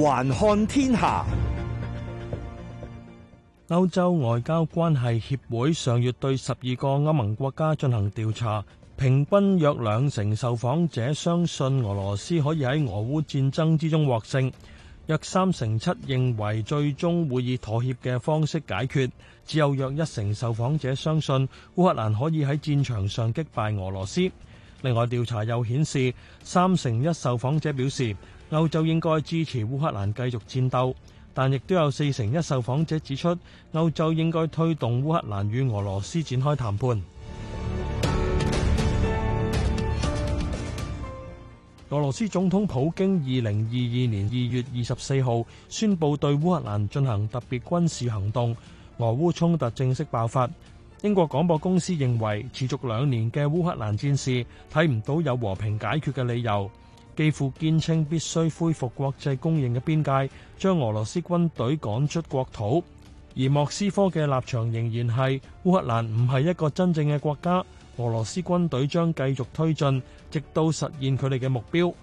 環看天下，歐洲外交關係協會上月對十二個歐盟國家進行調查，平均約兩成受訪者相信俄羅斯可以喺俄烏戰爭之中獲勝，約三成七認為最終會以妥協嘅方式解決，只有約一成受訪者相信烏克蘭可以喺戰場上擊敗俄羅斯。另外，調查又顯示，三成一受訪者表示歐洲應該支持烏克蘭繼續戰鬥，但亦都有四成一受訪者指出，歐洲應該推動烏克蘭與俄羅斯展開談判。俄羅斯總統普京二零二二年二月二十四號宣布對烏克蘭進行特別軍事行動，俄烏衝突正式爆發。英國廣播公司認為，持續兩年嘅烏克蘭戰事睇唔到有和平解決嘅理由，基輔堅稱必須恢復國際公認嘅邊界，將俄羅斯軍隊趕出國土。而莫斯科嘅立場仍然係烏克蘭唔係一個真正嘅國家，俄羅斯軍隊將繼續推進，直到實現佢哋嘅目標。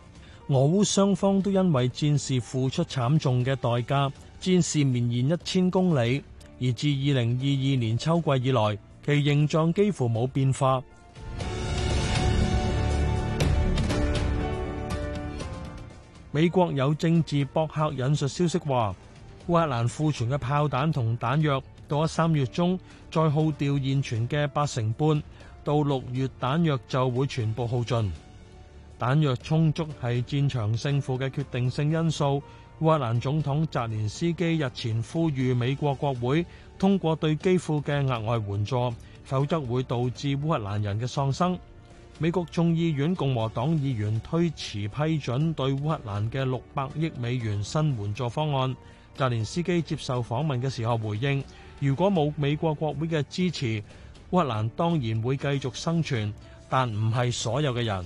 俄烏雙方都因為戰事付出慘重嘅代價，戰事綿延一千公里。而至二零二二年秋季以來，其形狀幾乎冇變化。 美國有政治博客引述消息話，烏克蘭庫存嘅炮彈同彈藥到咗三月中再耗掉現存嘅八成半，到六月彈藥就會全部耗盡。彈藥充足係戰場勝負嘅決定性因素。烏克蘭總統澤連斯基日前呼籲美國國會通過對基輔嘅額外援助，否則會導致烏克蘭人嘅喪生。美國眾議院共和黨議員推遲批准對烏克蘭嘅六百億美元新援助方案。澤連斯基接受訪問嘅時候回應：如果冇美國國會嘅支持，烏克蘭當然會繼續生存，但唔係所有嘅人。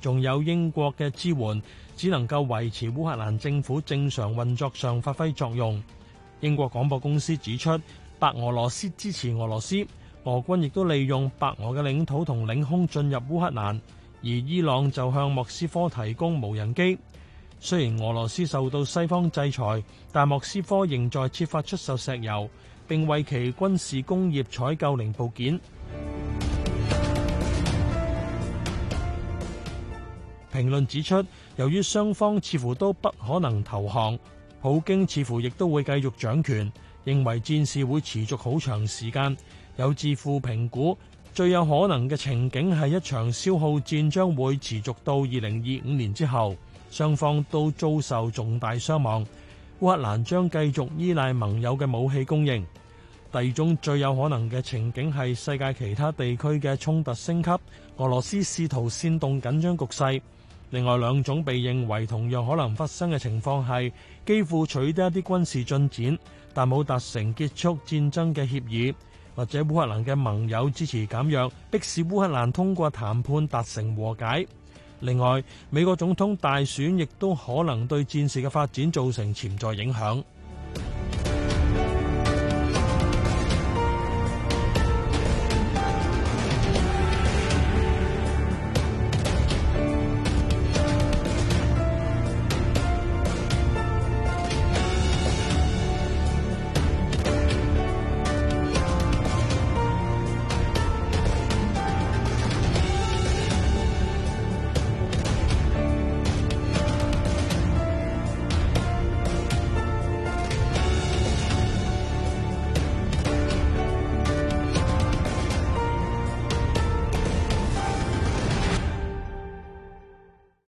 仲有英國嘅支援，只能夠維持烏克蘭政府正常運作上發揮作用。英國廣播公司指出，白俄羅斯支持俄羅斯，俄軍亦都利用白俄嘅領土同領空進入烏克蘭，而伊朗就向莫斯科提供無人機。雖然俄羅斯受到西方制裁，但莫斯科仍在設法出售石油，並為其軍事工業採購零部件。評論指出，由於雙方似乎都不可能投降，普京似乎亦都會繼續掌權，認為戰事會持續好長時間。有智庫評估，最有可能嘅情景係一場消耗戰，將會持續到二零二五年之後，雙方都遭受重大傷亡。烏克蘭將繼續依賴盟友嘅武器供應。第二種最有可能嘅情景係世界其他地區嘅衝突升級，俄羅斯試圖煽動緊張局勢。另外兩種被認為同樣可能發生嘅情況，係幾乎取得一啲軍事進展，但冇達成結束戰爭嘅協議；或者烏克蘭嘅盟友支持減弱，迫使烏克蘭通過談判達成和解。另外，美國總統大選亦都可能對戰事嘅發展造成潛在影響。